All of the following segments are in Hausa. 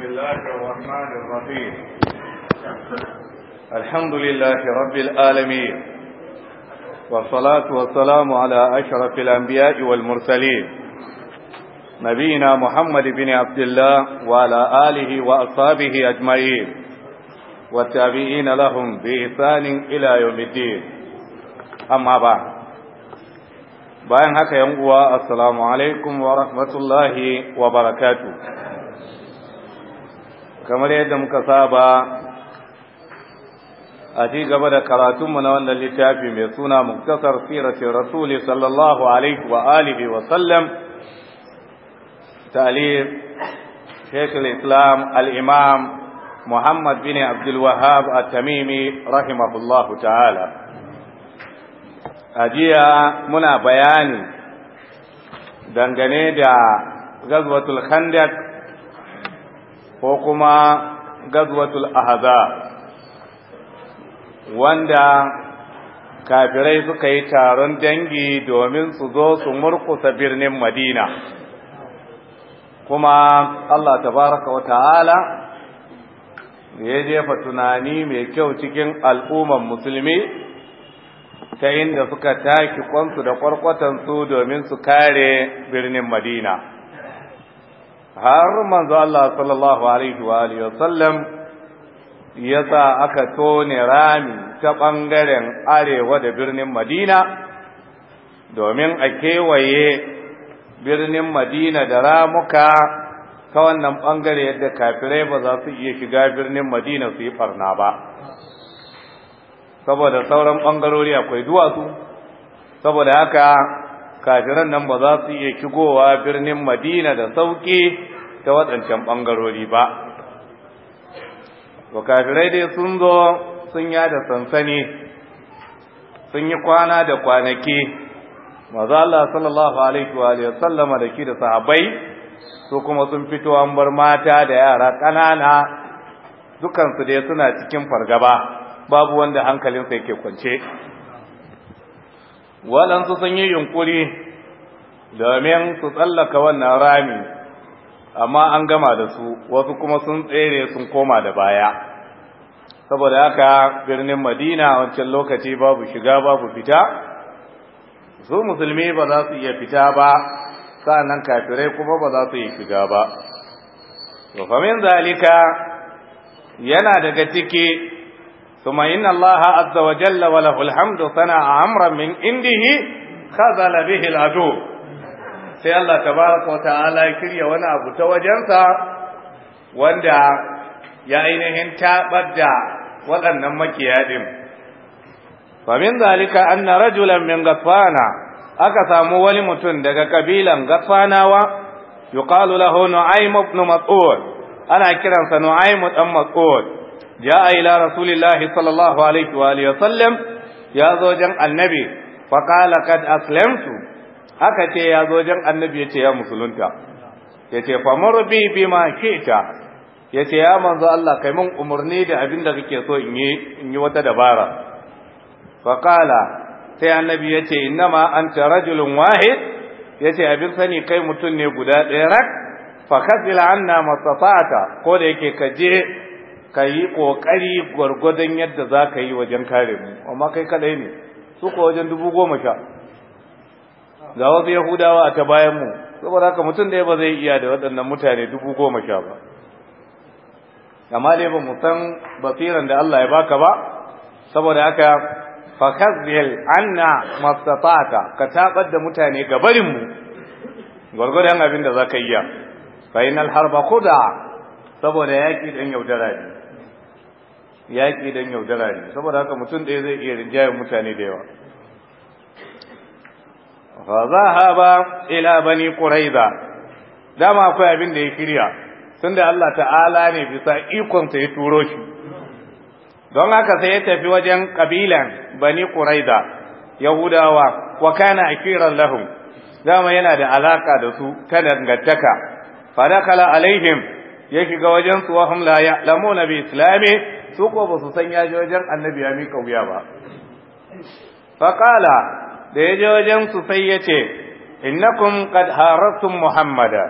بسم الله الرحمن الرحيم الحمد لله رب العالمين والصلاة والسلام على أشرف الأنبياء والمرسلين نبينا محمد بن عبد الله وعلى آله وأصحابه أجمعين والتابعين لهم بإحسان إلى يوم الدين أما بعد بأن هكا السلام عليكم ورحمة الله وبركاته kamar yadda muka saba a ci gaba da karatunmu na wannan littafi mai suna muktasar sirati rasuli sallallahu alaihi wa alihi wa sallam talib sheikh islam al-imam muhammad bin abdul a at-tamimi rahimahullahu ta'ala ajiya muna bayani dangane da gazwatul khandaq ko kuma gazwatul ahza wanda kafirai suka yi taron dangi domin su zo su murkusa birnin madina kuma allah tabaraka wa ta'ala ya jefa tunani mai kyau cikin al'umman musulmi ta inda suka taki kwansu da kwarkwatansu domin su kare birnin madina har manzo Allah sallallahu alaihi wa alihi wasallam yasa aka tone rami ta bangaren arewa da birnin Madina domin a kewaye birnin Madina da ramuka ta wannan bangare yadda kafirai ba za su iya shiga birnin Madina su yi farna ba saboda sauran bangarori akwai duwatsu saboda haka kafiran nan ba za su iya shigowa birnin madina da sauƙi ta waɗancan ɓangarori ba to kafirai dai sun zo sun yada sansani sun yi kwana da kwanaki maza Allah sallallahu alaihi wa sallama da ki da sahabbai su kuma sun fito an bar mata da yara ƙanana dukansu dai suna cikin fargaba babu wanda hankalinsa yake kwance waɗansu sun yi yunkuri domin su tsallaka wannan rami amma an gama da su wasu kuma sun tsere sun koma da baya saboda haka birnin madina wancan lokaci babu shiga babu fita su musulmi ba za su iya fita ba nan kafirai kuma ba za su yi shiga ba to zalika yana daga ciki ثم إن الله عز وجل وله الحمد صنع أمرا من عنده خذل به العدو sai Allah tabaraka wata'ala ya kirya wani abu ta wajensa wanda ya ainihin tabar da waɗannan makiya din fa min zalika anna rajulan min gafana aka samu wani mutum daga kabilan gafanawa yuqalu lahu nu'aym ibn mas'ud ana kiransa nu'aym ɗan mas'ud ja'a ila rasulillahi sallallahu alaihi wa alihi wasallam ya zo jan annabi fa qala qad haka ce ya zo jan annabi yace ya musulunta yace fa murbi yace ya manzo Allah kai mun umurni da abin da kake so in yi in yi wata dabara fa qala sai annabi yace ma anta rajulun wahid yace abin sani kai mutum ne guda ɗaya rak fa kazil anna mastata'ta ko da yake ka yi ƙoƙari gwargwadon yadda za ka yi wajen kare mu amma kai kaɗai ne su ko wajen dubu goma sha ga wasu yahudawa a ta bayan mu saboda haka mutum ɗaya ba zai iya da waɗannan mutane dubu goma sha ba amma dai ba mu san basiran da Allah ya baka ba saboda haka fakazil anna mastata ka tabar da mutane ga barin mu gwargwadon abin da za zaka ya. fa inal harba kuda saboda yaki dan yaudara ne yaƙi don yaudara ne saboda haka mutum ɗaya zai iya rinjayen mutane da yawa fa za ha ba ila bani ƙuraiza dama akwai abin da ya kirya sun da Allah ta'ala ne bisa ikonsa ya turo shi don haka sai ya tafi wajen ƙabilan bani ƙuraiza yahudawa wa kana akiran lahum dama yana da alaƙa da su ta dangantaka fa dakala alaihim ya shiga wajen su wa hum la ya'lamuna bi islami su ko ba su san ya je wajen annabi ya mika wuya ba faƙala da ya je wajen su sai ya ce innakum qad haratum muhammada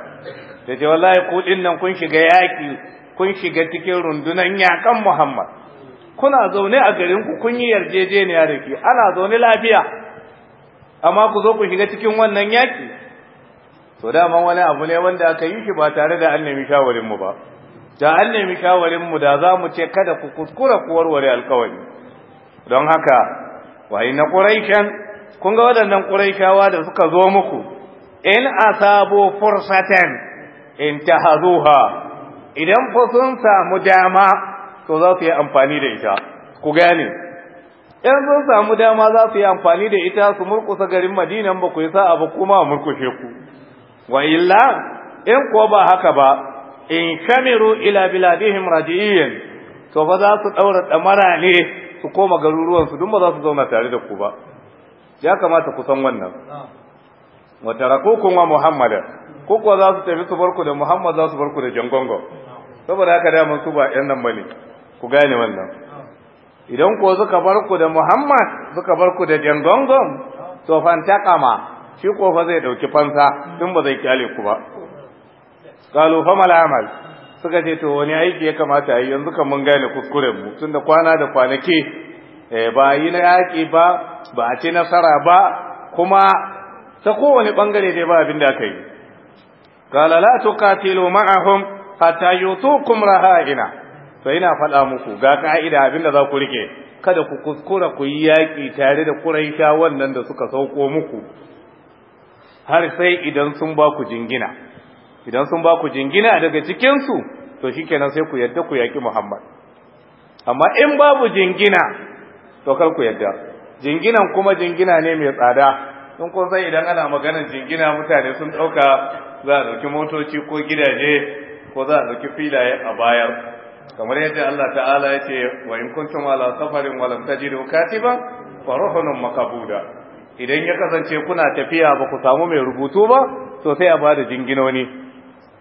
da ce wallahi ku nan kun shiga yaƙi kun shiga cikin rundunan yaƙan muhammad kuna zaune a garin ku kun yi yarjejeniya da ke ana zaune lafiya amma ku zo ku shiga cikin wannan yaƙi to dama wani abu ne wanda aka yi shi ba tare da annabi nemi shawarin mu ba da an nemi shawarinmu da za mu ce kada ku kuskura ku warware alkawari don haka waye na ƙuraishen kun ga waɗannan ƙuraishawa da suka zo muku in asabo fursatan in tahazuha idan ku sun samu dama to za su yi amfani da ita ku gane in sun samu dama za su yi amfani da ita su murkusa garin madinan ba ku yi sa'a ba kuma murkushe ku wa illa in ko ba haka ba in kamiru ila biladihim radiyin to ba za su daura damara ne su koma garuruwan su dun ba za su zauna tare da ku ba ya kamata ku san wannan wa tarakukum wa Muhammad, ko za su tafi su barku da muhammad za su barku da jangongo saboda haka da mun su ba yan nan bane ku gane wannan idan ko suka barku da muhammad suka barku da jangongo to fantakama shi ko fa zai dauki fansa dun ba zai kyale ku ba qalu fa suka ce to wani aiki ya kamata a yi yanzu kan mun gane kuskuren mu da kwana da kwanaki ba yi na yaƙi ba ba a ci nasara ba kuma ta kowane bangare dai ba abin da aka yi qala la tuqatilu ma'ahum hatta kum raha'ina to ina faɗa muku ga ka'ida abin da za ku rike kada ku kuskura ku yi yaƙi tare da kuraisha wannan da suka sauko muku har sai idan sun ba ku jingina idan sun ba ku jingina daga cikinsu to shikenan sai ku yadda ku yaƙi muhammad amma in babu jingina to kar ku yadda jinginan kuma jingina ne mai tsada in kun san idan ana maganar jingina mutane sun ɗauka za a ɗauki motoci ko gidaje ko za a ɗauki filaye a bayar kamar yadda Allah ta'ala ya ce wa in kuntum ala safarin wa lam tajidu katiban fa ruhunun makabuda idan ya kasance kuna tafiya ba ku samu mai rubutu ba to sai a bada jinginoni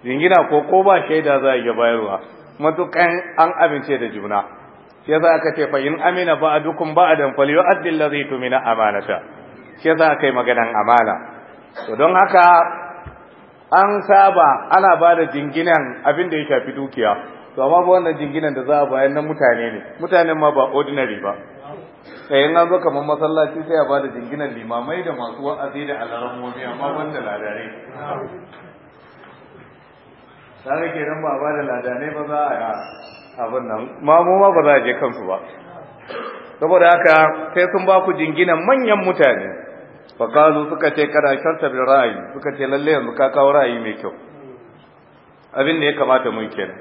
jingina ko ko ba shaida za a iya bayarwa matukan an amince da juna shi yasa aka ce fa in amina ba'dukum ba'dan falyu'addi allazi tumina amanata shi yasa kai maganan amana to don haka an saba ana ba da jinginan abin da ya shafi dukiya to amma ba wannan jinginan da za a bayar na mutane ne mutanen ma ba ordinary ba sai in an zo kamar masallaci sai a ba da jinginan limamai da masu wa'azi da alarammomi amma wanda ladare kaga nan ba ba da ladanai ba za a abin nan ma mu ma ba za a je kansu ba saboda haka sai sun ba ku jingina manyan mutane fa kazu suka ce kada sharta bil ra'ayi suka ce lalle yanzu ka kawo ra'ayi mai kyau abin da ya kamata mun kenan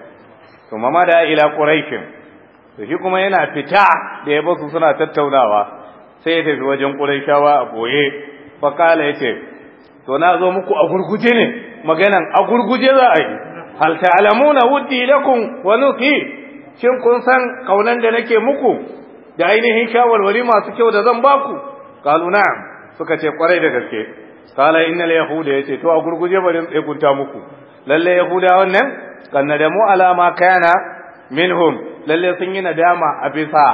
to mama da ila quraishin to shi kuma yana fita da ya basu suna tattaunawa sai ya tafi wajen quraishawa a boye fa kala yace to na zo muku a gurguje ne maganan a gurguje za a yi hal ta'lamuna wuddi lakum wa nusi shin kun san kaunan da nake muku da ainihin shawarwari masu kyau da zan baku qalu na'am suka ce kwarai da gaske qala innal yahuda yace to a gurguje bari sai ta muku lalle yahuda wannan kanna da mu alama kana minhum lalle sun yi nadama a bisa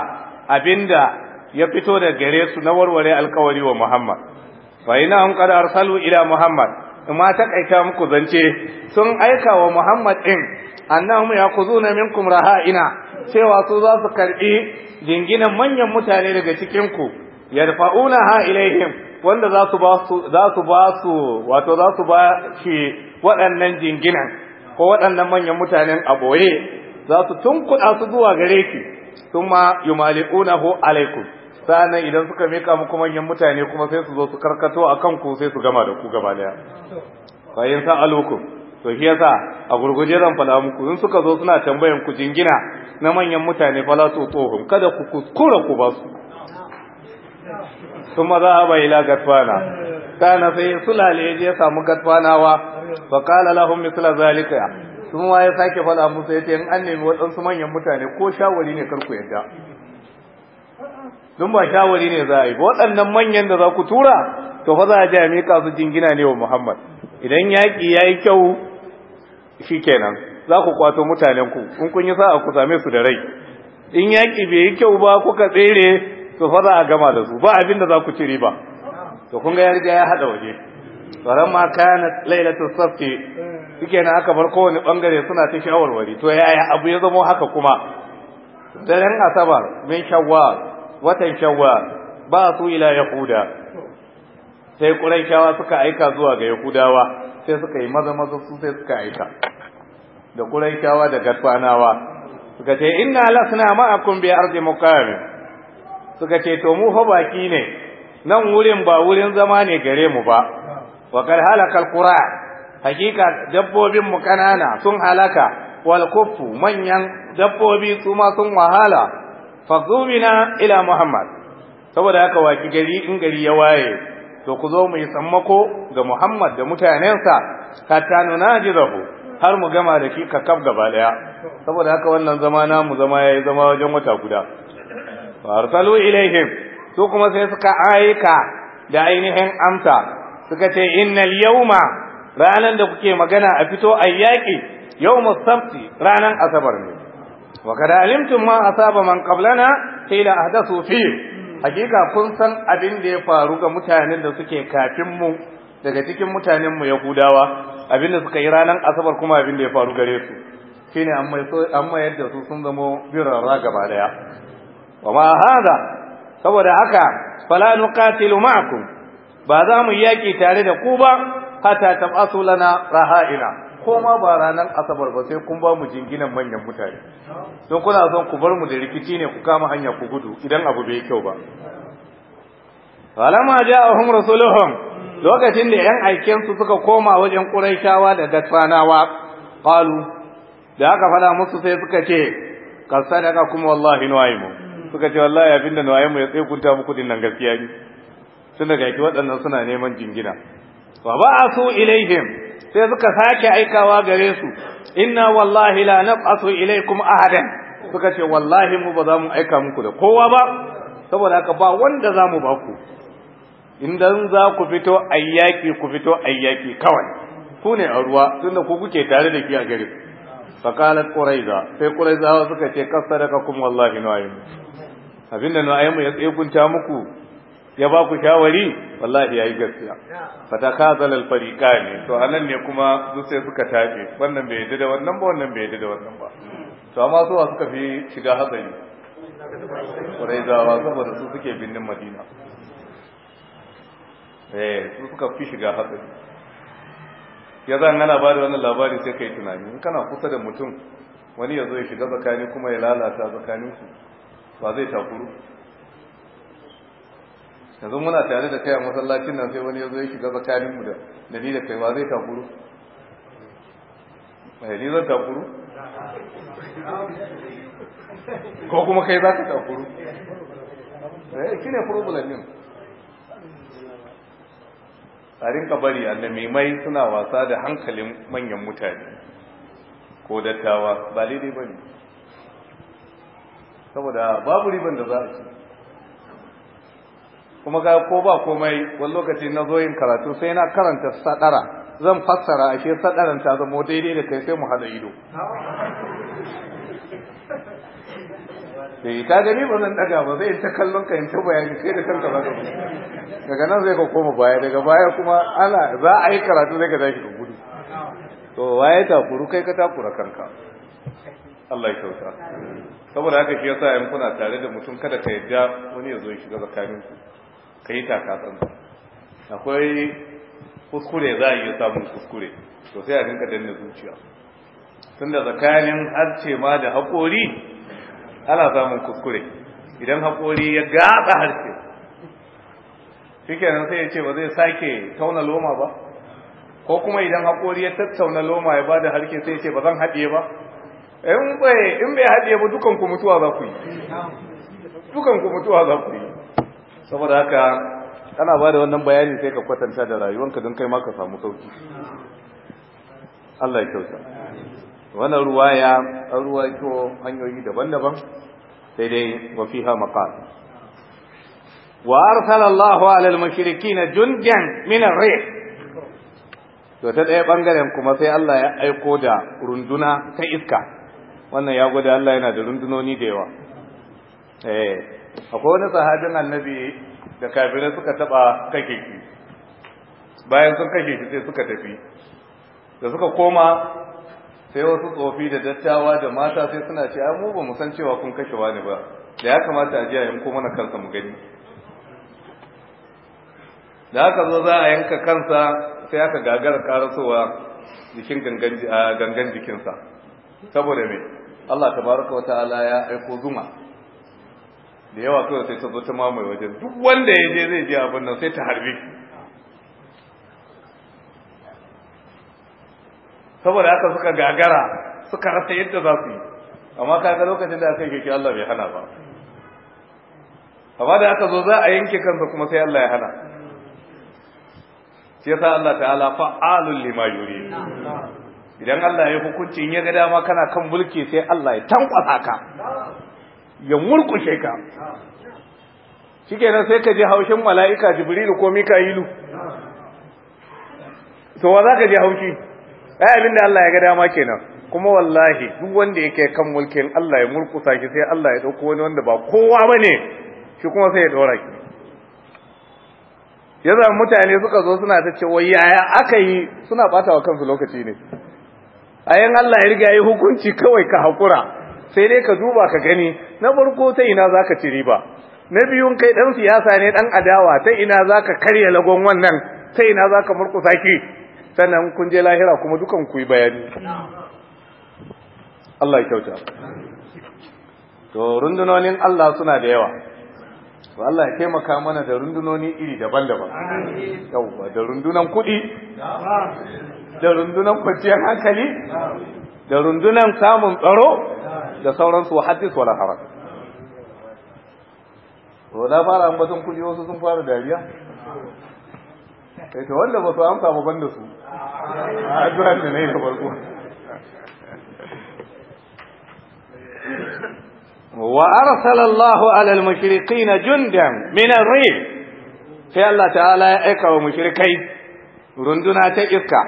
abinda ya fito da gare su na warware alkawari wa Muhammad fa ina an qad arsalu ila Muhammad ma takaita muku zance sun aika wa Muhammad din annahum yakuzuna minkum raha'ina cewa su za su karbi jinginan manyan mutane daga cikin ku yarfa'unaha ilaihim wanda za su ba su za su ba su wato za su ba shi waɗannan jinginan ko waɗannan manyan mutanen a boye za su tunkuɗa su zuwa gare ki kuma yumali'unahu alaikum sa'annan idan suka mika muku manyan mutane kuma sai su zo su karkato a kanku sai su gama da ku gaba daya bayan sa'alukum to shi yasa a gurguje zan fada muku in suka zo suna tambayan ku jingina na manyan mutane fala su tsohon kada ku kuskura ku ba su za a ba ila gatfana kana sai sulale je samu gatfanawa fa qala lahum mithla zalika sun waye sake fada musu yace in an nemi waɗansu manyan mutane ko shawari ne kar ku yadda don ba shawari ne za a yi waɗannan manyan da za ku tura to fa za a ji a miƙa su jingina ne wa muhammad idan yaƙi ya yi kyau shi kenan za ku kwato mutanenku in kun yi sa'a ku same su da rai in yaƙi bai yi kyau ba kuka tsere to fa za a gama da su ba abin da za ku ci riba to kun ga ya riga ya haɗa waje tsaron ma kana lailatul safi suke na aka bar kowane bangare suna ta shawarwari to yaya abu ya zamo haka kuma daren asabar min shawwal watan shawwa ba su ila yahuda sai quraishawa suka aika zuwa ga yahudawa sai suka yi maza maza su sai suka aika da quraishawa da gatsanawa suka ce inna lasna ma'akum bi ardi muqam suka ce to mu fa baki ne nan wurin ba wurin zama ne gare mu ba wa kal halakal qura hakika dabbobin mu kanana sun halaka wal kuffu manyan dabbobi su sun wahala fadhumina ila muhammad saboda haka waki gari in gari ya waye to ku zo mu yi sammako ga muhammad da mutanensa hatta nunajizahu har mu gama da ki kaf gaba daya saboda haka wannan zama na mu zama yayi zama wajen wata guda fa arsalu ilaihim su kuma sai suka aika da ainihin amsa suka ce innal yawma ranan da kuke magana a fito ayyaki yawmus sabti ranan asabar ne wa kada alimtum ma asaba man qablana qila ahdathu fi hakika kun san abin da ya faru ga mutanen da suke kafin mu daga cikin mutanen mu yahudawa abin da suka yi ranar asabar kuma abin da ya faru gare su shine an mayar da su sun zamo birarra gaba daya wa ma hada saboda haka fala nuqatilu ma'akum ba za mu yaki tare da ku ba hatta tabasu lana raha'ina Koma ba ranar asabar ba sai kun ba mu jinginan manyan mutane don kuna son ku bar mu da rikici ne ku kama hanya ku gudu idan abu bai kyau ba falamma ja'ahum rasuluhum lokacin da yan aiken su suka koma wajen quraishawa da gatsanawa qalu da aka fada musu sai suka ce daga kuma wallahi nu'aymu suka ce wallahi abinda nu'aymu ya kunta muku din nan gaskiya ne tun gaki waɗannan suna neman jingina wa ba'asu ilaihim sai suka sake aikawa gare su inna wallahi la nab'athu ilaykum ahadan suka ce wallahi mu ba za mu aika muku da kowa ba saboda haka ba wanda za mu ba ku idan za ku fito ayyaki ku fito ayyaki kawai ku ne a ruwa tunda ku kuke tare da ki a gare faqalat quraiza sai quraiza suka ce kasaraka kum wallahi nu'aym abinda nu'aym ya tsegunta muku ya ba ku shawari wallahi yayi gaskiya fata zalal al fariqani to anan ne kuma su sai suka tafi wannan bai yadda da wannan ba wannan bai yadda da wannan ba to amma su suka fi shiga hatsari kurai zawa saboda su suke binnin madina eh su suka fi shiga hatsari ya zan ana ba da wannan labari sai kai tunani in kana kusa da mutum wani ya zo ya shiga tsakani kuma ya lalata tsakaninku ba zai takuru yanzu muna tare da kai a masallacin nan sai wani ya zo ya shiga tsakaninmu da da da kai ba zai takuru bai eh, ni zan takuru ko kuma kai za ka takuru eh shi ne Tsarin din a annamimai suna wasa da hankalin manyan mutane ko dattawa ba daidai ba ne saboda babu riban da za a ci kuma ga ko ba komai wani lokaci na zo yin karatu sai na karanta sadara zan fassara ashe sadaran ta zama daidai da kai sai mu hada ido sai eh, ta gani ba zan daga ba zai ta kallon ka in ta bayani kai da kanka ba daga nan zai ka koma baya daga baya kuma ana za a yi karatu zai ka tashi ka gudu to waye ta kuru kai ka takura kanka Allah ya kyauta saboda haka shi yasa in kuna tare da mutum kada ka yadda wani ya zo ya shiga tsakanin ka yi takatsan akwai kuskure za a yi samun kuskure to sai a rinka danna zuciya tun da tsakanin harce ma da haƙori ana samun kuskure idan haƙori ya gasa harce shi sai ya ce ba zai sake tauna loma ba ko kuma idan haƙori ya tattauna loma ya ba da harke sai ya ce ba zan haɗe ba in bai haɗe ba dukanku mutuwa za ku yi dukanku mutuwa za ku yi saboda haka ana ba da wannan bayani sai ka kwatanta da rayuwanka don kai ma ka samu sauki Allah ya kyauta wannan ruwa ya ruwa ko hanyoyi daban-daban sai dai wa fiha maqal wa arsala Allah ala al-mushrikeena junjan min ar-rih to ta ɗaya bangaren kuma sai Allah ya aiko da runduna ta iska wannan ya gode Allah yana da rundunoni da yawa eh akwai wani sahabin annabi da kafirai suka taba kake shi bayan sun kake shi sai suka tafi da suka koma sai wasu tsofi da dattawa da mata sai suna ce mu ba mu san cewa kun kashe wani ba da ya kamata a ji a mana kansa mu gani da aka zo za a yanka kansa sai aka gagara karasowa jikin gangan jikinsa saboda mai Allah Ta tabaraka wa ta'ala ya aiko zuma da yawa kawai sai ta zo ta mamaye wajen duk wanda ya je zai je abin nan sai ta harbi saboda haka suka gagara suka rasa yadda za su yi amma kaga lokacin da aka yi keke Allah bai hana ba amma da aka zo za a yanke kansa kuma sai Allah ya hana shi yasa Allah ta'ala fa'alul lima yuri idan Allah ya hukunci in ya ga dama kana kan mulki sai Allah ya tankwasa ka ya murkushe ka shikenan sai ka ji haushin mala'ika jibrilu ko mika'ilu to wa za ka ji haushi ai abin da Allah ya ga dama kenan kuma wallahi duk wanda yake kan mulkin Allah ya murkusa shi sai Allah ya dauko wani wanda ba kowa ba ne, shi kuma sai ya dora ya zama mutane suka zo suna ta ce wai yaya aka yi suna bata wa kansu lokaci ne A yin Allah ya riga ya hukunci kawai ka haƙura, sai dai ka duba ka gani na farko ta ina za ka ci riba na biyun kai ɗan siyasa ne ɗan adawa ta ina za ka karya lagon wannan ta ina za ka murkusa ki sannan kun je lahira kuma dukan ku yi bayani Allah ya kyauta to rundunonin Allah suna da yawa to Allah ya taimaka mana da rundunoni iri daban-daban yauwa da rundunan kuɗi da rundunan kwanciyar hankali da rundunan samun tsaro da sauransu hadis wala haram to na fara ambaton kuɗi wasu sun fara dariya kai eh, to wanda ba su amsa ba banda su a addu'ar da yi da farko wa arsala Allah ala al-mushrikin jundan min ar-rih sai Allah ta'ala ya aika wa mushrikai runduna ta iska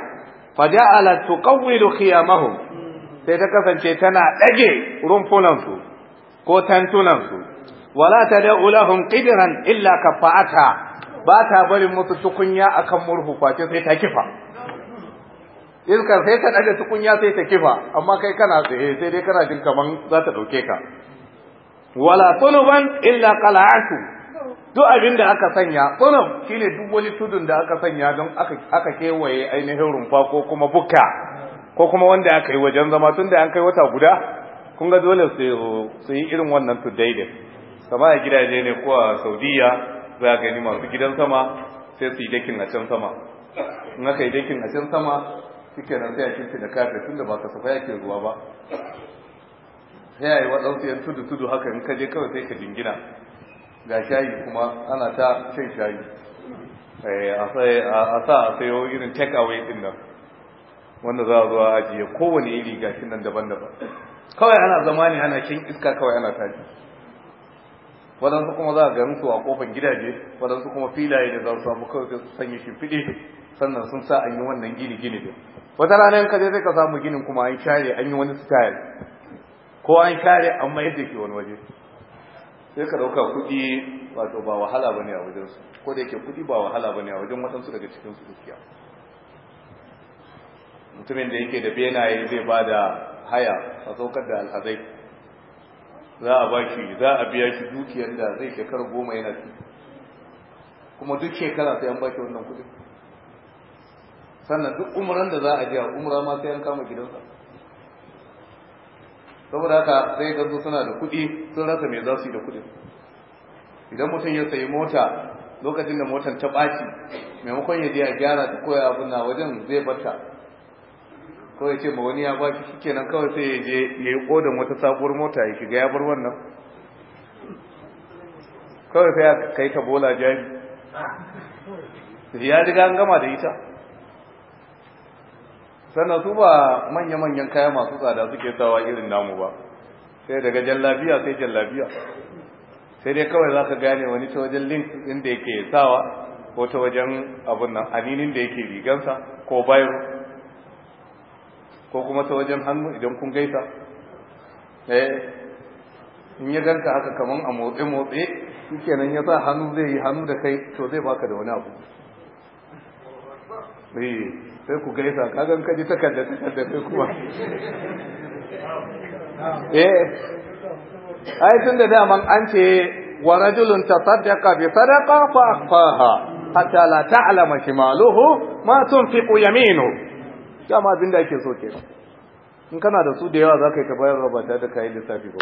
fa ja'ala tuqawwilu khiyamahum sai ta kasance tana dage rumfunansu ko tantunansu wala ta da lahum qidran illa kafa'ata ba ta barin musu tukunya akan murhu kwace sai ta kifa iskar sai ta daga tukunya sai ta kifa amma kai kana tsaye sai dai kana jin kaman za ta dauke ka wala tunuban illa qala'atu duk abin da aka sanya tunub shine duk wani tudun da aka sanya don aka aka kewaye ainihin rumfa ko kuma bukka ko kuma wanda aka yi wajen zama tun da an kai wata guda kun ga dole su yi irin wannan tuddai kama a gidaje ne ko a saudiya za a gani masu gidan sama sai su yi dakin a can sama in aka yi dakin a can sama ke nan sai a kinti da kafin da ba ka safa yake ruwa ba sai a yi waɗansu yan tudu tudu haka in ka je kawai sai ka jingina ga shayi kuma ana ta shan shayi eh, a sa a sayo irin take away din nan wanda za a zo a ajiye kowane iri gashin nan daban-daban kawai ana zama ne ana cin iska kawai ana tashi waɗansu kuma za a garin su a kofar gidaje waɗansu kuma filaye da za su samu kawai su sanya shimfiɗe sannan sun sa an yi wannan gini gini din wata rana in ka je sai ka samu ginin kuma an share an yi wani style ko an share an mayar da ke wani waje sai ka ɗauka kuɗi wato ba wahala bane a wajen su ko da yake kuɗi ba wahala bane a wajen waɗansu daga cikin su dukiya mutumin da yake da benaye zai ba da haya a saukar da alhazai za a baki za a biya shi dukiyar da zai shekara goma yana fi, kuma duk shekara sai an baki wannan kudi sannan duk umran da za a jiya umura ma sai an kama gidansa saboda haka sai gazo suna da kudi sun rasa mai za su yi da kudin idan mutum ya sayi mota lokacin da motar ta ɓaci maimakon ya je a gyara ta koya abin na wajen zai bata kawai ce ba wani ya ba shi nan kawai sai ya je ya yi wata sabuwar mota ya shiga ya bar wannan kawai sai ya kai ta bola Jami. ya riga an gama da ita sannan su ba manya-manyan kaya masu tsada suke sawa irin namu ba sai daga jallabiya sai jallabiya sai dai kawai za ka gane wani ta wajen link inda yake sawa ko ta wajen abin nan aninin da yake rigansa ko bayan ko kuma ta wajen hannu idan kun gaisa eh in ya ganka haka kaman a motsi motsi shikenan ya sa hannu zai yi hannu da kai to zai baka da wani abu eh sai ku gaisa ka gan kaji takarda takarda kai kuma eh ai tun da dama an ce bi sadaqa fa aqfaha hatta la تعلم shimaluhu ma tunfiqu يمينه dama abin da ake so ke in kana da su da yawa za ka yi ta bayan rabata da kayan lissafi ba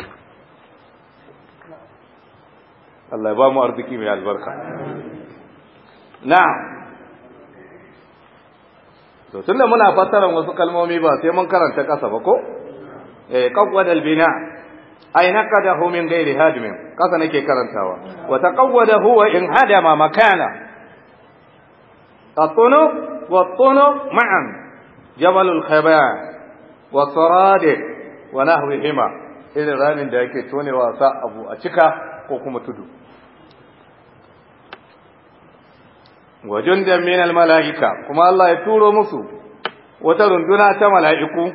Allah ya ba mu arziki mai albarka Na. to da muna fassara wasu kalmomi ba sai mun karanta kasa ba ko eh bina aina kada hu min ghairi hadmin kasa nake karantawa wa taqawwada huwa in hadama makana at wa at ma'an jabalul khaba wa sarade wa nahwihima irin ramin da yake tonewa sa abu a cika ko kuma tudu wa daminal malaika kuma Allah ya turo musu wata runduna ta mala'iku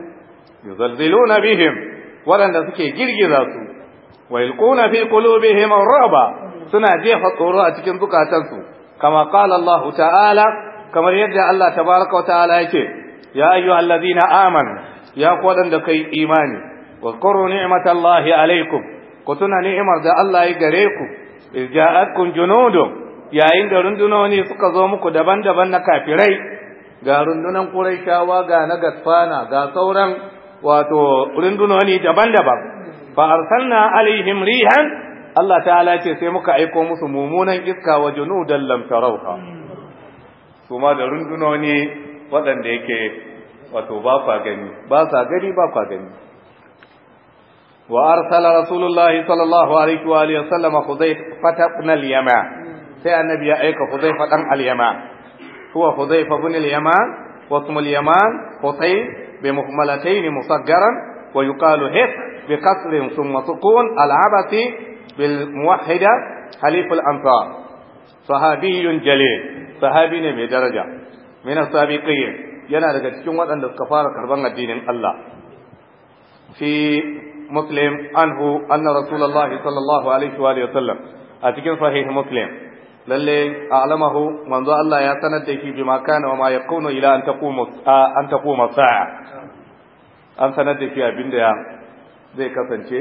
yuzalziluna bihim waɗanda suke girgiza su wa yulquna fi qulubihim ar-raba suna jefa tsoro a cikin zukatansu kama qala Allah ta'ala kamar yadda Allah tabaraka wa ta'ala yake ya ayyuhal ladina amanu ya ku wadanda kai imani wa quru ni'matallahi alaikum ku tuna ni'imar da Allah ya gare ku ja'atkum junudun yayin da rundunoni suka zo muku daban-daban na kafirai ga rundunan Qurayshawa ga na Gasfana ga sauran wato rundunoni daban-daban fa arsalna alaihim rihan Allah ta'ala ce sai muka aiko musu mummunan iska wa junudan lam tarawha kuma da rundunoni waɗanda yake wato ba kwa gani ba sa gani ba kwa gani wa arsala rasulullahi sallallahu alaihi wa alihi wasallam fata ibn al-yama sai annabi ya aika huzaifa dan al-yama huwa fa ibn al-yama wa ismu al yama husayn bi muhmalatayn musaggaran wa yuqalu hif bi qasrin thumma sukun al abati bil muwahhida halif al-ansar sahabiyyun jalil sahabi ne mai daraja min as-sabiqin yana daga cikin waɗanda suka fara karban addinin Allah fi muslim anhu anna rasulullahi sallallahu alaihi wa sallam a cikin sahih muslim lalle a'lamahu manzo Allah ya sanar da shi bima kana wa ma yakunu ila an taquma an taquma sa'a an sanar da shi abinda zai kasance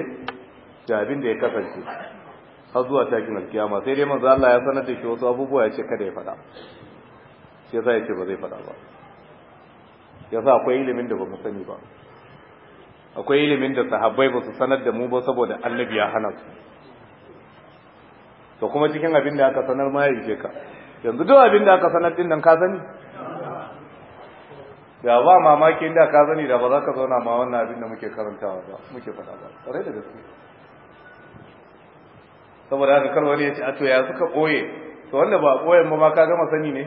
da abinda ya kasance har zuwa takin alkiyama sai dai manzo Allah ya sanar da shi wasu abubuwa ya ce kada ya faɗa shi ya ce ba zai faɗa ba ya za akwai ilimin da ba mu sani ba akwai ilimin da sahabbai ba su sanar da mu ba saboda annabi ya hana su to kuma cikin abin da aka sanar ma yake ka yanzu duk abin da aka sanar din nan ka sani da ba mamaki da ka sani da ba za ka zauna ma wannan abin da muke karantawa ba muke faɗa ba tsare da gaske saboda haka kar wani ya ce a to ya suka ɓoye to wanda ba ɓoyen ba ma ka gama sani ne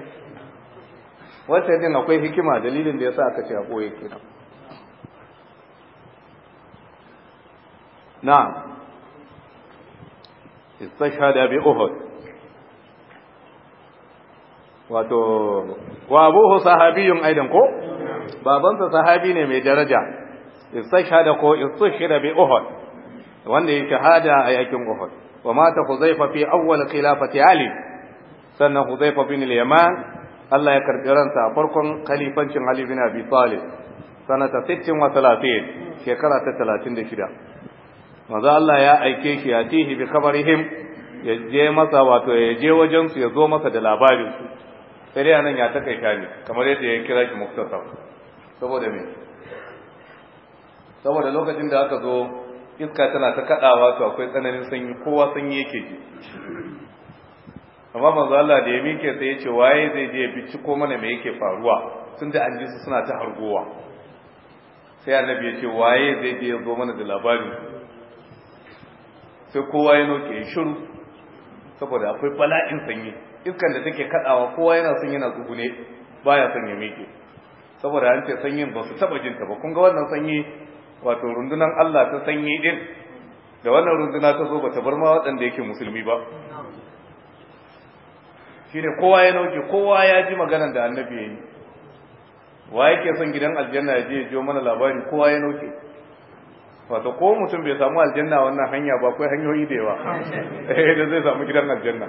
wata yadda akwai hikima dalilin da ya sa aka ce a koye Na na'am da bi uhud wato wa abuhu sahabiyun aidan ko babansa sahabi ne mai daraja da ko da bi uhud wanda ya shahada a yakin uhud wa mata huzaifa fi awwal khilafati ali sannan huzaifa bin al-yaman Allah ya karbi ransa a farkon khalifancin Ali bin Abi Talib sanata 36 shekara ta 36 maza Allah ya aike shi ya tihi bi kabarihim ya je masa wato ya je wajen su ya zo masa da labarin su sai dai anan ya takaita ne kamar yadda ya kira shi muktasar saboda me saboda lokacin da aka zo iska tana ta kadawa to akwai tsananin sanyi kowa sanyi yake ji amma manzo Allah da ya mike sai ya ce waye zai je ko mana me yake faruwa tunda an ji su suna ta hargowa sai annabi ya ce waye zai je ya zo mana da labari sai kowa ya noke shiru saboda akwai bala'in sanyi iskan da take kadawa kowa yana son yana tsugune baya son ya mike saboda an ce sanyin ba su taba jinta ba kun ga wannan sanyi wato rundunar Allah ta sanyi din da wannan runduna ta zo ba ta bar ma waɗanda yake musulmi ba shine kowa ya nauke kowa ya ji maganar da annabi ya yi wa yake son gidan aljanna ya je ya jiyo mana labari kowa ya nauke wato ko mutum bai samu aljanna wannan hanya ba akwai hanyoyi da yawa eh da zai samu gidan aljanna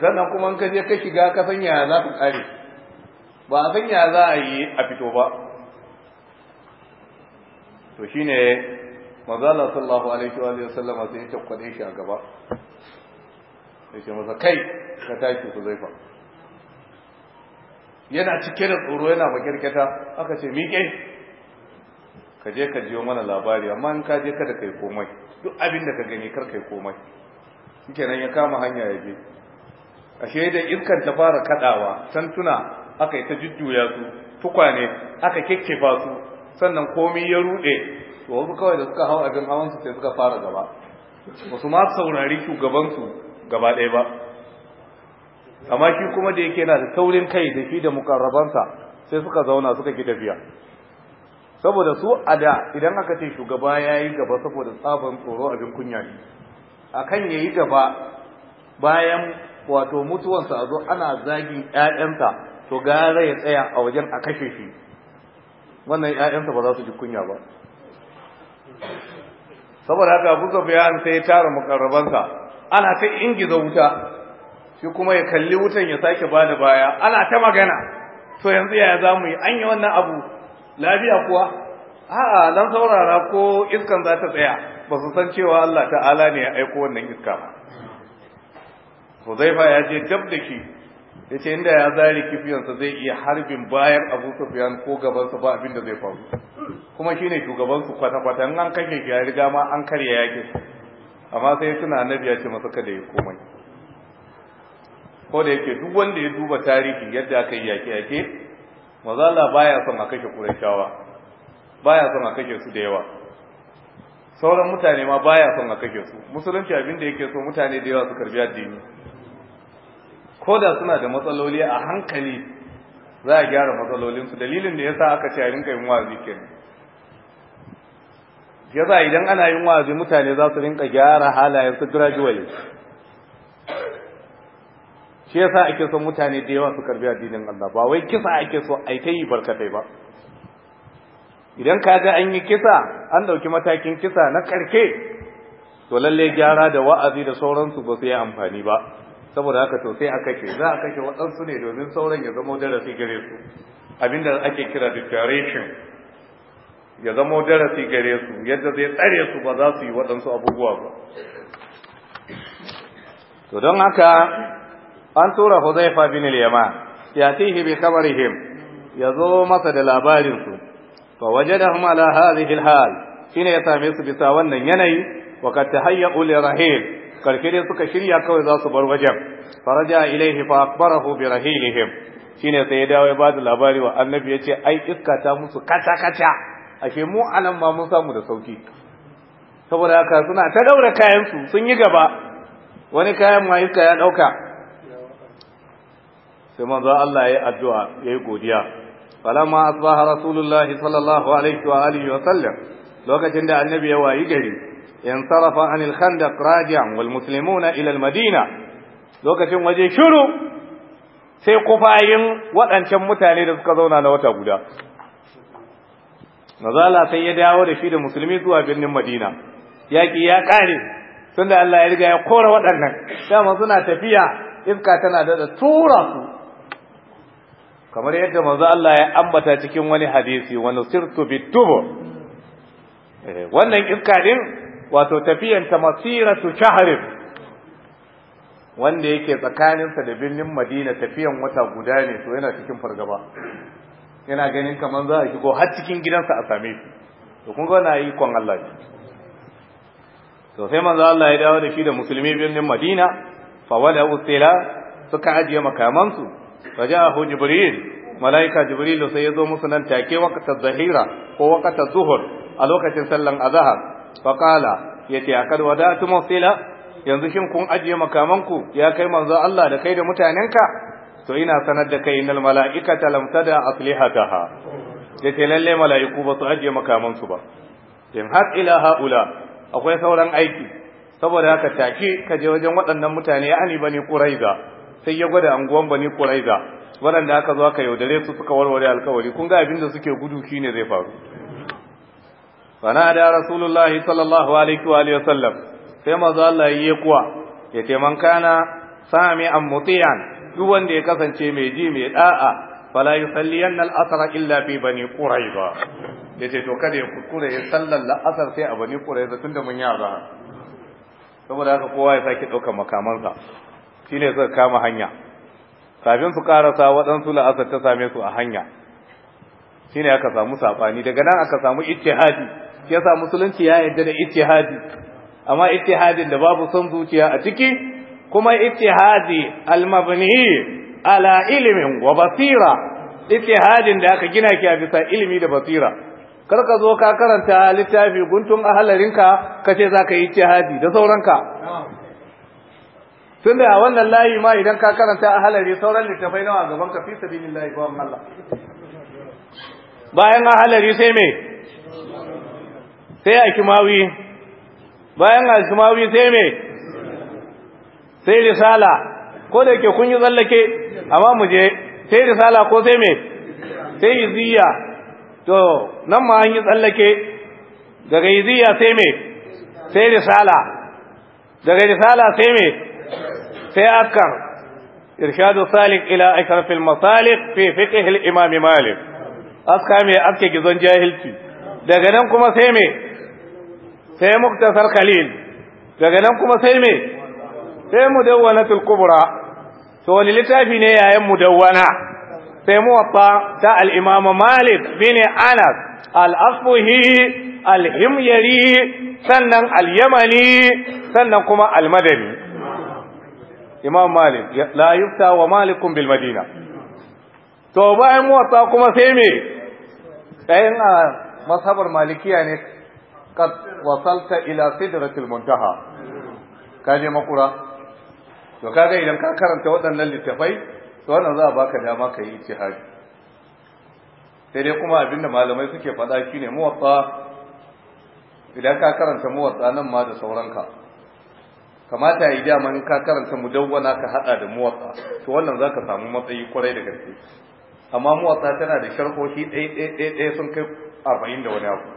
sannan kuma in ka je ka shiga ka san yaya za ka kare ba a san yaya za a yi a fito ba to shine manzo Allah sallallahu alaihi wa sallama sai ya tabbata shi a gaba yake masa kai ka tashi ku zai fa yana cike da tsoro yana makirkata aka ce miƙe ka je ka jiyo mana labari amma in ka je kada kai komai duk abin da ka gani kar kai komai kenan ya kama hanya ya je ashe da iskar ta fara kadawa santuna aka yi ta jujjuya su tukwane aka kekkefa su sannan komai ya rude to wasu kawai da suka hau abin hawan su sai suka fara gaba wasu ma saurari shugabansu gaba ɗaya ba amma shi kuma da yake yana da taurin kai da shi da mukarrabansa sai suka zauna suka ki tafiya saboda su a da idan aka ce shugaba ya yi gaba saboda tsabon tsoro abin kunya ne a kan ya yi gaba bayan wato mutuwansa a zo ana zagi ‘ya'yansa to gara ya tsaya a wajen a kashe shi wannan ‘ya'yansa ba za su ji kunya ba saboda haka abu ya sai ya tara mukarrabansa ana ta ingiza wuta shi kuma ya kalli wutan ya sake ba da baya ana ta magana to yanzu yaya za mu yi an wannan abu lafiya kuwa a'a dan saurara ko iskan za ta tsaya ba su san cewa Allah ta'ala ne ya aiko wannan iska ba Huzaifa ya je dab da shi ya ce inda ya zari kifiyansa zai iya harbin bayan Abu Sufyan ko gabansa ba abin da zai faru kuma shine shugabansu kwata-kwata in an kashe ya riga ma an karya yake amma sai suna annabi ya ce masa kada ya komai ko da yake duk wanda ya duba tarihi yadda aka yi yaƙe yaƙe mazala ba baya son a kashe kurashawa baya son a kashe su da yawa sauran mutane ma baya son a kashe su musulunci abin da yake so mutane da yawa su karbi addini ko da suna da matsaloli a hankali za a gyara matsalolinsu dalilin da yasa aka ce a rinka yin wazi yasa idan ana yin wa'azi mutane za su rinka gyara halayen su graduate shi yasa ake son mutane da yawa su karbi addinin Allah ba wai kisa ake so ai ta yi barkatai ba idan ka ga an yi kisa an dauki matakin kisa na karke to lalle gyara da wa'azi da sauransu ba su yi amfani ba saboda haka to sai aka ce za a kashe waɗansu ne domin sauran ya zama darasi gare su abinda ake kira deterioration ya zama darasi gare su yadda zai tsare su ba za su yi waɗansu abubuwa ba to don haka an tura huzaifa bin al-yaman yatihi bi ya zo masa da labarinsu, labarin waje da wajadahum ala hadhihi al shi ne ya same su bisa wannan yanayi wa kad ule li rahil karkire suka shirya kawai za su bar wajen faraja ilaihi fa akbarahu bi rahilihim ne sai ya dawo ya ba da labari wa annabi ya ce ai iska ta musu kaca-kaca. ashe mu anan ma mun samu da sauki saboda haka suna ta daura kayansu, sun yi gaba wani kayan ma ya ɗauka. sai manzo Allah yi addu'a yayi godiya falamma asbaha rasulullahi sallallahu alaihi wa alihi wa sallam lokacin da annabi ya wayi gari yan sarafa anil khandaq raji'an wal muslimuna ila al madina lokacin waje shiru sai kufayin waɗancan mutane da suka zauna na wata guda mazala sai ya dawo da shi da musulmi zuwa birnin madina yaƙi ya ƙare tunda Allah ya riga ya kora waɗannan dama suna tafiya iska tana da tura su kamar yadda manzo Allah ya ambata cikin wani hadisi wani sirtu eh, wannan iska din wato tafiyan ta masiratu shaharin. wanda yake tsakaninsa da birnin Madina tafiyan wata guda ne to yana cikin fargaba yana ganin kamar za a shigo har cikin gidansa a same shi to kun ga na yi kon Allah ne to sai manzo Allah ya dawo da shi da musulmi birnin Madina fa wala usila suka ajiye makamansu fajahu jibril malaika jibrilu sai ya zo musu nan take wakatar zahira ko wakatar zuhur a lokacin sallan azhar fa qala yati akad wada'tu musila yanzu shin kun ajiye makamanku ya kai manzo Allah da kai da mutanenka to ina sanar da kai innal mala'ikata lam tada aslihataha ke lalle mala'iku ba su ajiye makaman su ba in har ila haula akwai sauran aiki saboda haka take ka je wajen waɗannan mutane ani bani quraiza sai ya gwada anguwan bani quraiza waɗanda aka zo aka yaudare su suka warware alkawari kun ga abin da suke gudu shine zai faru فنادى رسول wa sallam, sai عليه ya وسلم ya ظل man kana sami an mutiyan duk wanda ya kasance mai ji mai da'a fala yusalliyanna al-asr illa fi bani quraiba yace to kada ya kuskure ya sallar la'asar sai a bani quraiba tunda mun yi azhar saboda haka kowa ya sake daukar makamansa shine suka kama hanya kafin su karasa waɗansu la'asar ta same su a hanya shine aka samu sabani daga nan aka samu ittihadi yasa musulunci ya yarda da ittihadi amma ittihadin da babu son zuciya a ciki kuma ittihadi almabni ala ilimin wa basira ittihadin da aka gina ki a bisa ilimi da basira kar ka zo ka karanta littafi guntun ahalarinka ka ce za ka yi ittihadi da sauranka tunda a wannan layi ma idan ka karanta ahalari sauran littafai nawa gaban ka fi sabilillahi ko Allah bayan ahalari sai me sai akimawi bayan akimawi sai me sai risala ko da yake kun yi tsallake amma mu je sai risala ko sai me sai iziya to nan ma an yi tsallake daga iziya sai me sai risala daga risala sai me sai akar irshadu salik ila fil masalik fi fiqh al-imam malik aska me aske gizon jahilci daga nan kuma sai me sai muktasar khalil daga nan kuma sai me sai mudawwanatul kubra to wani littafi ne yayin mudawwana sai muwatta ta al-imam malik bin anas al-asbuhi al-himyari sannan al-yamani sannan kuma al-madani imam malik la yufta wa malikum bil madina to bayan muwatta kuma sai me ɗayan a masabar malikiya ne قد وصلت إلى صدرة المنتهى كاجي مقرأ to kaga idan ka karanta waɗannan littafai to wannan za a baka dama ka yi ijtihadi sai dai kuma abinda malamai suke faɗa shine muwatta idan ka karanta muwatta nan ma da sauranka kamata ya yi daman ka karanta mudawwana ka hada da muwatta to wannan za ka samu matsayi kwarai da gaske amma muwatta tana da sharhohi ɗaya sun kai arba'in da wani abu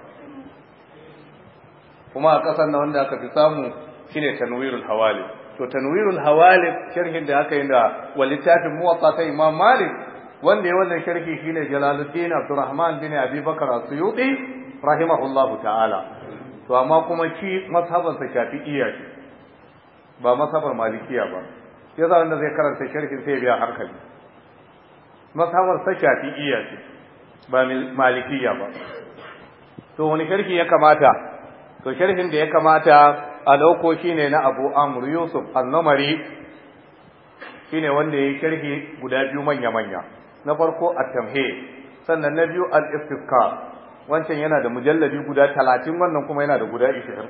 kuma a ƙasar na wanda aka fi samu shine tanwirul hawali to tanwirul hawalif sharhin da aka yi da walittafin muwatta ta imam malik wanda ya wannan sharhi shine jalaluddin abdurrahman bin abi bakr as-suyuti rahimahullahu ta'ala to amma kuma ci mazhaban sa shafi'iyya shi ba mazhabar malikiya ba Sai da wanda zai karanta sharhin sai biya hankali mazhabar sa shafi'iyya shi ba malikiya ba to wani sharhi ya kamata to sharhin da ya kamata A shi ne na abu amur yusuf annamari ne wanda ya yi sharhi guda biyu manya-manya na farko a tamhe sannan na biyu al wancan yana da mujallabi guda talatin wannan kuma yana da guda ishirin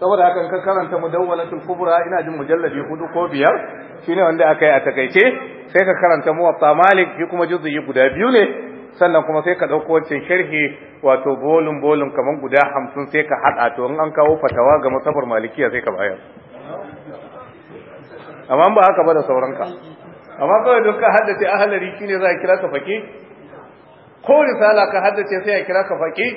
saboda hakan ka karanta mudawwalatul kubra ina jin mujallabi hudu ko biyar Shi ne wanda aka yi a takaice sai ka karanta muwatta malik shi kuma juz'i guda biyu ne sannan kuma sai ka ɗauko wancan sharhi wato bolin bolin kamar guda hamsin sai ka haɗa to in an kawo fatawa ga masabar malikiya sai ka bayar amma ba haka ba da sauranka amma kawai don ka haddace ahalari shine za a kira ka faki ko risala ka haddace sai a kira ka faki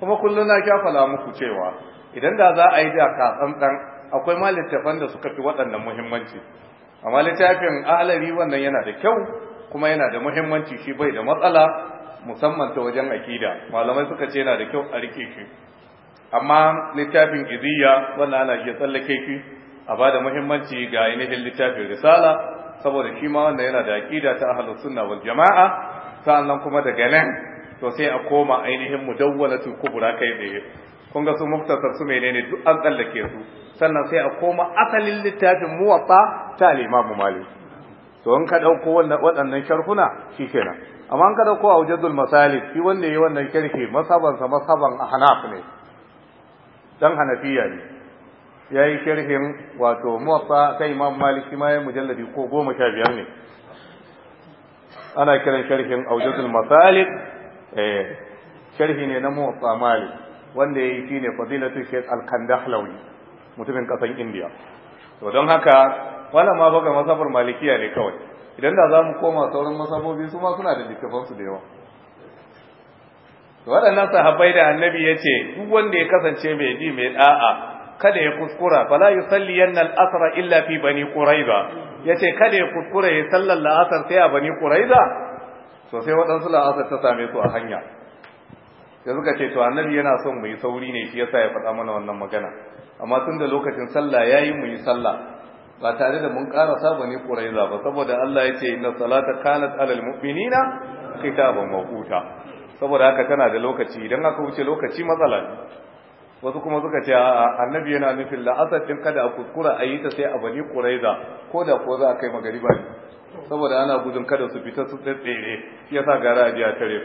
kuma kullum na sha fala muku cewa idan da za a yi da ka tsantsan akwai ma littattafan da suka fi waɗannan muhimmanci amma littafin ahalari wannan yana da kyau kuma yana da muhimmanci shi bai da matsala musamman ta wajen akida malamai suka ce yana da kyau a rike shi amma littafin gidiya wannan ana iya tsallake shi a ba da muhimmanci ga ainihin littafin risala saboda shi ma wanda yana da akida ta ahlus sunna wal jamaa sa'annan kuma daga nan to sai a koma ainihin mudawwalatu kubra kai tsaye kun ga su muftasar su menene duk an tsallake su sannan sai a koma asalin littafin muwatta ta al-imam malik to an ka dauko waɗannan sharhuna kenan amma an ka dauko aujadul masalik shi wanda yayi wannan kirki masaban sa masaban ahnaf ne dan hanafiya ne yayi kirkin wato muwatta ta imam malik shi ma yayi mujalladi ko goma 15 ne ana kiran sharhin aujadul masalik eh sharhi ne na muwatta malik wanda yayi shine fadilatu shaykh al-kandahlawi mutumin kasan indiya to don haka wannan ma baka masabar malikiya ne kawai idan da za mu koma sauran masabobi su ma suna da littafansu da yawa waɗannan sahabbai da annabi ya ce duk wanda ya kasance mai bi mai da'a kada ya kuskura fala yusalli yanna asra illa fi bani quraiza yace kada ya kuskura ya sallar la'asar sai a bani quraiza to sai waɗansu la'asar ta same su a hanya Ya suka ce to annabi yana son mu yi sauri ne shi yasa ya faɗa mana wannan magana amma tun da lokacin sallah yayi mu yi sallah ba tare da mun karasa ba ne ƙuraiza ba saboda Allah ya ce ina salata kanat alal mu'minina kitaban mawquta saboda haka tana da lokaci idan aka wuce lokaci matsala ne wasu kuma suka ce a'a annabi yana nufin la'asar din kada a kuskura a yi ta sai a bani ƙuraiza ko da ko za a kai ba ne saboda ana gudun kada su fita su tsere shi yasa gara a biya tare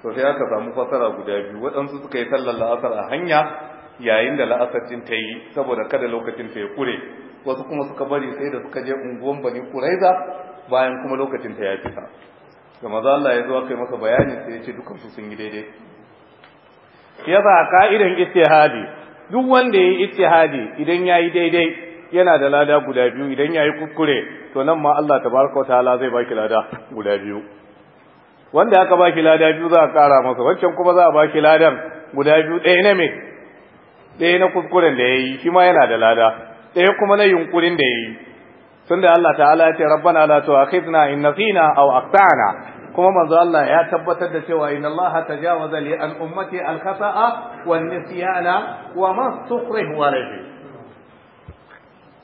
ku to sai aka samu fasara guda biyu waɗansu suka yi sallar la'asar a hanya yayin da la'asarcin ta yi saboda kada lokacin ta ya kure wasu kuma suka bari sai da suka je unguwan bani kuraiza bayan kuma lokacin ta ya fita da maza Allah ya zo kai masa bayanin sai ya ce dukan su sun yi daidai ya ba ka'idan ittihadi duk wanda ya yi ittihadi idan ya yi daidai yana da lada guda biyu idan ya yi kuskure to nan ma Allah tabaraka wa ta'ala zai baki lada guda biyu wanda aka baki lada biyu za a kara masa wancan kuma za a baki ladan guda biyu ɗaya na mai ɗaya na kuskuren da ya yi shi ma yana da lada ɗaya kuma na yunkurin da ya yi tunda Allah ta'ala ya ce rabbana a tu'akhidna in nasina aw akhtana kuma manzo Allah ya tabbatar da cewa inna Allah tajawaza li an ummati al khata'a wan nisyana wa ma tukrihu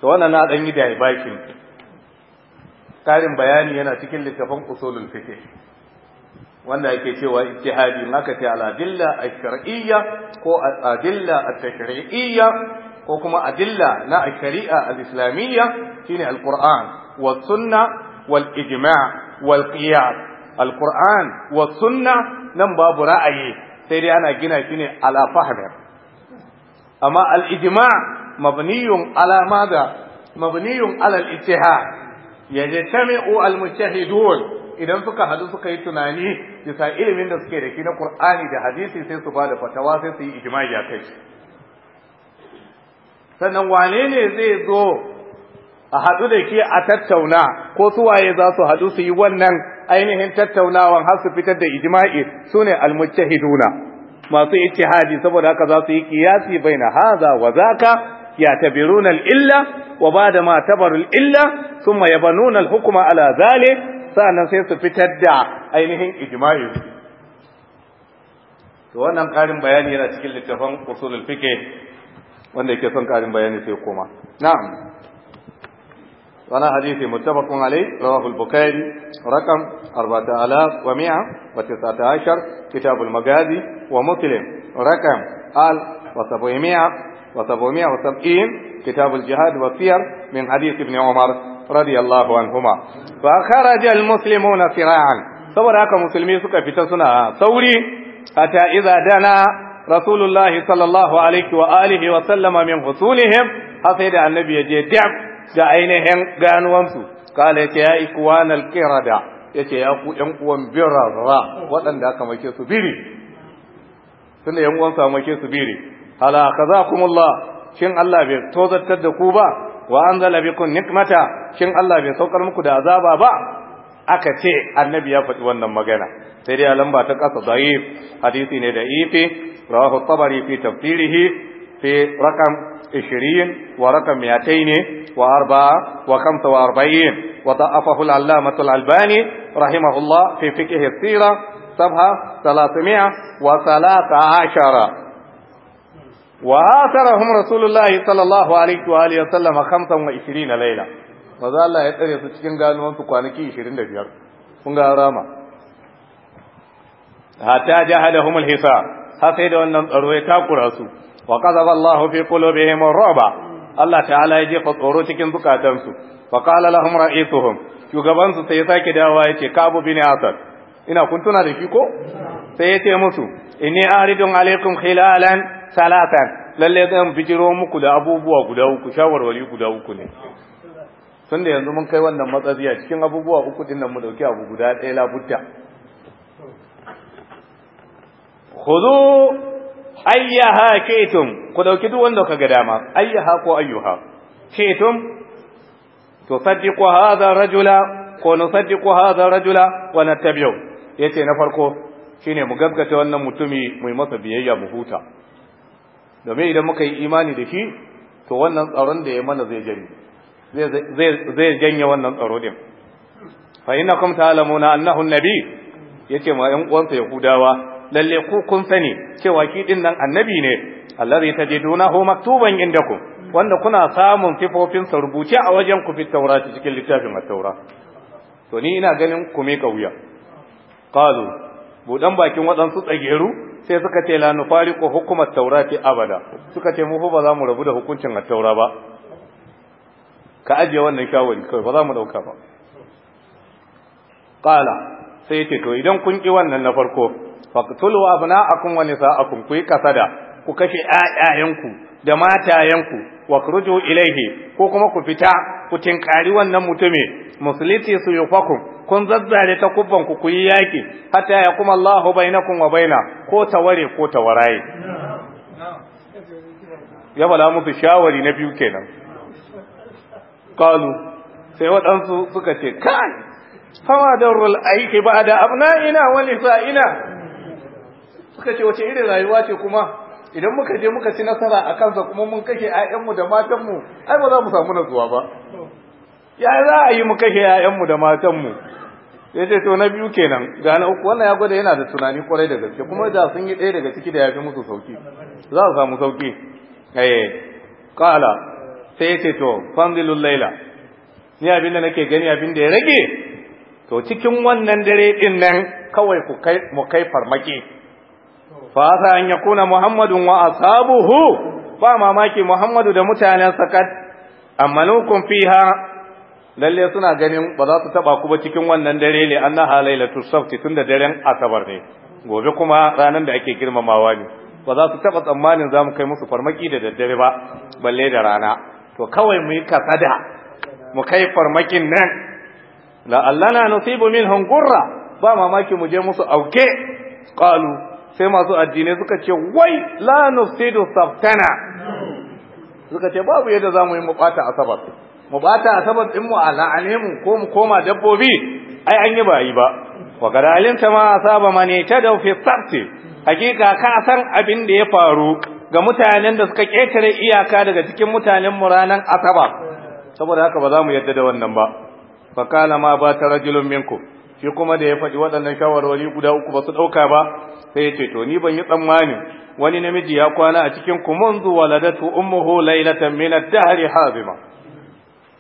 to wannan na dan yi da bakin karin bayani yana cikin littafin usulul fiqh wanda yake cewa ijtihadi in aka ce al-adilla ash-shar'iyya ko al-adilla at ko kuma adilla na ash-shari'a al-islamiyya shine al-Qur'an wa sunna wal ijma' wal qiyas al-Qur'an wa sunna nan babu ra'ayi sai dai ana gina shi ne ala fahm amma al-ijma' mabniyun ala madha mabniyun ala al-ijtihad yajtami'u al-mujtahidun idan suka hadu suka yi tunani bisa ilimin da suke da ke na Kur'ani da hadisi sai su bada fatawa sai su yi ijma'i ya kai sannan wane ne zai zo a hadu da ke a tattauna ko su waye za su hadu su yi wannan ainihin tattaunawan har su fitar da ijma'i sune almujtahiduna masu ijtihadi saboda haka za su yi qiyasi baina hadha wa zaka يعتبرون الإلة وبعد ما illa الإلة ثم يبنون الحكم على ذلك sa’an sai su fitar da ainihin ijimayi to wannan ƙarin bayani yana cikin littafin usulul fike wanda yake son ƙarin bayani sai kuma na’am wani hadisi mutabakun alai rawahul bukari rakam arba'ata ala wa mi'a wa tisata ashar kitabul magazi wa muslim rakam al wa sabu'i mi'a wa sabu'i mi'a wa sab'in kitabul jihad wa siyar min hadisi ibn umar radiyallahu anhuma fa kharaja almuslimuna sira'an saboda haka musulmi suka fita suna sauri hatta idza dana rasulullahi sallallahu alaihi wa alihi wa sallama min husulihim sai da annabi ya je dab da ainihin ganuwansu kala yace ya ikwanal qirada yace ya ku yan uwan birra waɗanda aka make su biri tunda yan uwan su make su biri ala kazakumullah shin Allah bai tozartar da ku ba wa anzala bikum nikmata kin Allah bai saukar muku da azaba ba aka ce annabi ya faɗi wannan magana sai dai lamba ta kasa da'if hadisi ne da ifi rawahu tabari fi tafsirihi fi rakam 20 wa rakam 200 wa arba'a wa 45 wa ta'afahu al-allamatu al-albani rahimahullah fi fiqh as-sira صفحة 313 وآثرهم رسول الله a الله عليه وآله وسلم 25 ليلة maza Allah ya tsare su cikin ganuwansu kwanaki 25 kun ga rama hatta jahadahum alhisab har sai da wannan tsaro ya takura su wa qadaba Allahu fi qulubihim ar-ruba Allah ta'ala ya jefa tsoro cikin zukatansu fa qala lahum ra'isuhum sai ya sake dawa yace kabu bin asad ina kun da shi sai ya ce musu inni aridun alaikum khilalan salatan lalle zan bijiro muku da abubuwa guda uku shawarwari guda uku ne tun da yanzu mun kai wannan matsaziya cikin abubuwa uku din nan mu dauki abu guda ɗaya labutta khudu ayyaha kaitum ku dauki duk wanda kaga dama ayyaha ko ayyuha To saddiqu hadha rajula ko nusaddiqu hadha rajula wa nattabi'u yace na farko shine mu gaskata wannan mutumi mu masa biyayya mu huta domin idan muka yi imani da shi to wannan tsaron da ya mana zai janye zai janye wannan tsaro din fa innakum ta'lamuna annahu nabi yace ma yan uwansa yahudawa lalle ku kun sani cewa ki din nan annabi ne allazi tajidunahu maktuban indakum wanda kuna samun sifofin sa rubuce a wajen ku fi taurati cikin littafin at-taura to ni ina ganin ku me kauya qalu budan bakin waɗansu tsageru sai suka ce la nufariqu hukumar ce abada suka ce mu fa ba za mu rabu da hukuncin at-taura ba ka ajiye wannan shawari kai ba za mu dauka ba qala sai ce to idan kun ki wannan na farko faqtulu abna'akum wa nisa'akum ku yi kasada ku kashe ayayanku da matayanku wakruju ilaihi ko kuma ku fita ku tinkari wannan mutumin musuliti su yufakum kun zazzare ta kubban ku ku yi yaki hatta ya kuma Allahu bainakum wa baina ko ta ware ko ta waraye! ya bala musu shawari na biyu kenan qalu sai waɗansu suka ce kai fama darul aiki ba da abna'ina wa ina. suka ce wace irin rayuwa ce kuma idan muka je muka ci nasara a kansa kuma mun kashe ƴaƴanmu da matanmu ai ba za mu samu nasuwa ba ya za a yi mu kashe mu da matanmu ya ce to na biyu kenan ga na uku wannan ya gwada yana da tunani kwarai da gaske kuma da sun yi ɗaya daga ciki da ya fi musu sauki za su samu sauki eh qala sai ce to fandilul laila ni abin da nake gani abin da ya rage to cikin wannan dare din nan kawai ku kai mu kai farmaki fa za an yakuna muhammadun wa ashabuhu ba mamaki muhammadu da mutanensa kad amalukum fiha lalle suna ganin ba za su taba ku ba cikin wannan dare ne annaha lailatul safti tunda daren asabar ne gobe kuma ranar da ake girmamawa ne ba za su taba tsammanin za mu kai musu farmaki da daddare ba balle da rana to kawai mu yi kasada mu kai farmakin nan allana nusibu minhum gurra ba mamaki mu je musu auke qalu sai masu addinai suka ce wai la nusidu saftana suka ce babu yadda zamu yi mu bata asabar mu bata asabar din mu ala alemu ko mu koma dabbobi ai an yi ba yi ba wa kada ta ma asaba ta da fi sabti hakika ka san abin da ya faru ga mutanen da suka ketare iyaka daga cikin mutanen mu ranan asaba saboda haka ba za mu yadda da wannan ba fa kala ma ba ta rajulun minkum shi kuma da ya faɗi waɗannan shawarwari guda uku ba su ɗauka ba sai ya ce to ni ban yi tsammani wani namiji ya kwana a cikin ku munzu waladatu ummuhu lailatan min ad-dahri hazima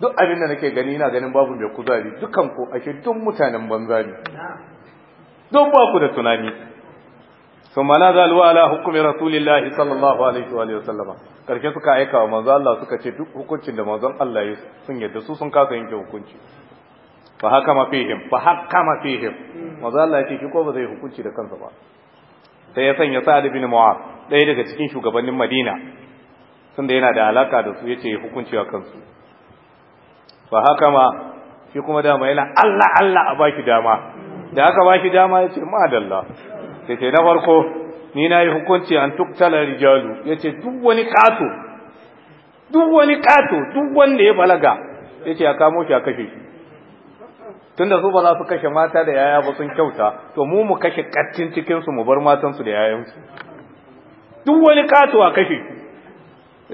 duk abin da nake gani ina ganin babu mai kuzari dukan ku ashe duk mutanen banza ne Don ba ku da tunani ثم نزل على حكم رسول Rasulillah, sallallahu alaihi wa sallam, karshe suka aika wa manzo Allah suka ce duk hukuncin da manzon Allah ya sun yadda su sun kasa yanke hukunci fa haka ma fihim fa haka ma fihim maza Allah yake shi ko ba zai hukunci da kansa ba sai ya sanya Sa'ad bin Mu'adh ɗaya daga cikin shugabannin Madina tunda yana da alaka da su yace hukunci a kansu fa haka ma shi kuma dama yana Allah Allah a baki dama da aka baki dama yace madalla sai sai na farko ni na yi hukunci an tuktala rijalu yace duk wani kato duk wani kato duk wanda ya balaga yace ya kamo shi a kashe shi tunda su ba za su kashe mata da yaya ba sun kyauta to mu mu kashe kattin cikin su mu bar matan su da yayan su duk wani kato kashe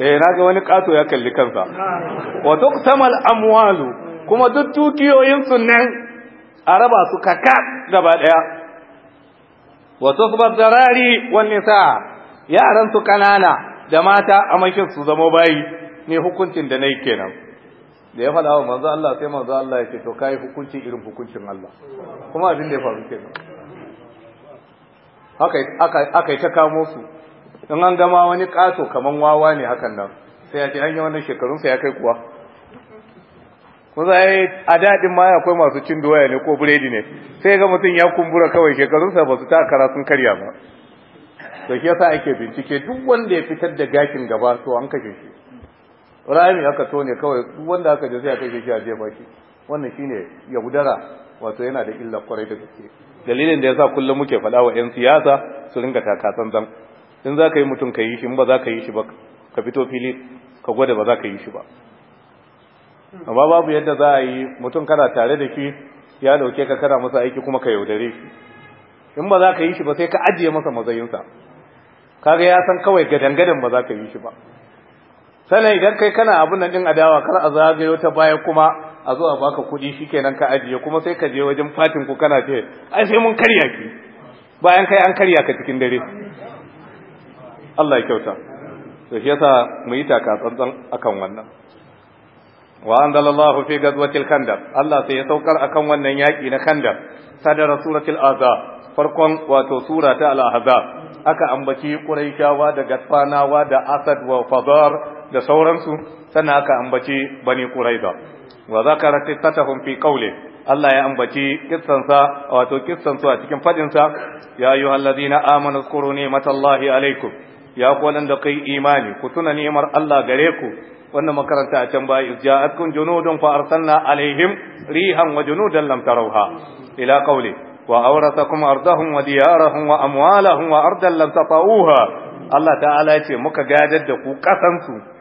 eh naga wani kato ya kalli kansa wa tuqtamal amwalu kuma duk tukiyoyin su nan a raba su kaka gaba daya wa tusbat darari wan nisa yaran su kanana da mata amashin su zama bayi ne hukuncin da nayi kenan da ya faɗa wa manzo Allah sai manzo Allah ya ce to kai hukunci irin hukuncin Allah kuma abin da ya faru kenan haka aka aka ta kamo su in an gama wani kato kaman wawa ne hakan nan sai ya ce an yi wannan shekarun sa ya kai kuwa ko sai a dadin ma akwai masu cin doya ne ko buredi ne sai ga mutun ya kumbura kawai shekarun sa ba su ta kara sun karya ba to shi yasa ake bincike duk wanda ya fitar da gakin gaba to an kashe shi rami aka tone kawai wanda aka je sai aka kashe shi a jefa shi wannan shine ya gudara wato yana da illa kwarai da gaske dalilin da ya sa kullum muke fada wa yan siyasa su ringa taka zan, in za ka yi mutum ka yi shi in ba za ka yi shi ba ka fito fili ka gwada ba za ka yi shi ba amma babu yadda za a yi mutum kana tare da shi ya dauke ka kana masa aiki kuma ka yaudare shi in ba za ka yi shi ba sai ka ajiye masa mazayinsa kaga ya san kawai gadangadan ba za ka yi shi ba sannan idan kai kana abun nan din adawa kar a zagayo ta baya kuma a zo a baka kuɗi shikenan ka ajiye kuma sai ka je wajen fatin ku kana ce ai sai mun karya ki bayan kai an karya ka cikin dare Allah ya kyauta to shi yasa mu yi taka tsantsan akan wannan wa andalallahu fi ghazwatil khandaq Allah sai ya saukar akan wannan yaki na khandaq sadar suratul azza farkon wato sura ta al-ahzab aka ambaci quraishawa da gatfanawa da asad wa fadar da sauransu sannan aka ambaci bani quraiza wa zakara qissatahum fi ƙaule? Allah ya ambaci kissansa wato kissansu a cikin fadin sa ya na ladina amanu zkuru ni'matallahi alaikum ya ku da kai imani ku tuna nemar Allah gare ku wannan makaranta a can baya ja'atkum junudun fa arsalna alaihim rihan wa junudan lam tarauha ila qawli wa awrathakum ardahum wa diyarahum wa amwalahum wa ardan lam tatauha Allah ta'ala ya ce muka gadar da ku kasansu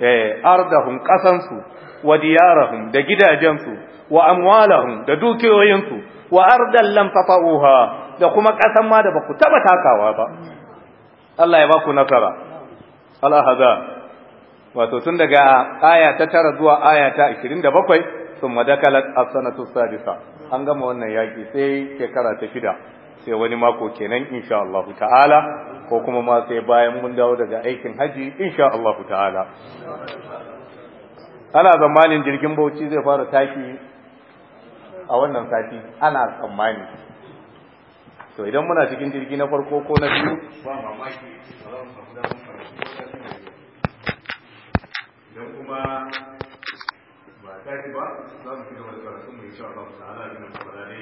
eh ardahum qasansu wa diyarahum da gidajensu wa amwalahum da dukiyoyinsu wa ardan lam tafauha da kuma kasan ma da baku taba takawa ba Allah ya baku nasara Allah ahza wato tun daga aya ta 9 zuwa aya ta 27 thumma dakalat as-sanatu sadisa an gama wannan yaki sai shekara ta shida sai wani mako kenan insha Allah ta'ala ko kuma ma sai bayan mun dawo daga aikin haji insha Allah ta'ala ana zamanin jirgin bauchi zai fara tashi a wannan sati ana tsammani to idan muna cikin jirgi na farko ko na biyu ba mamaki ba za mu samu idan kuma ba tashi ba za mu fi gaba da karatu mu insha Allah ta'ala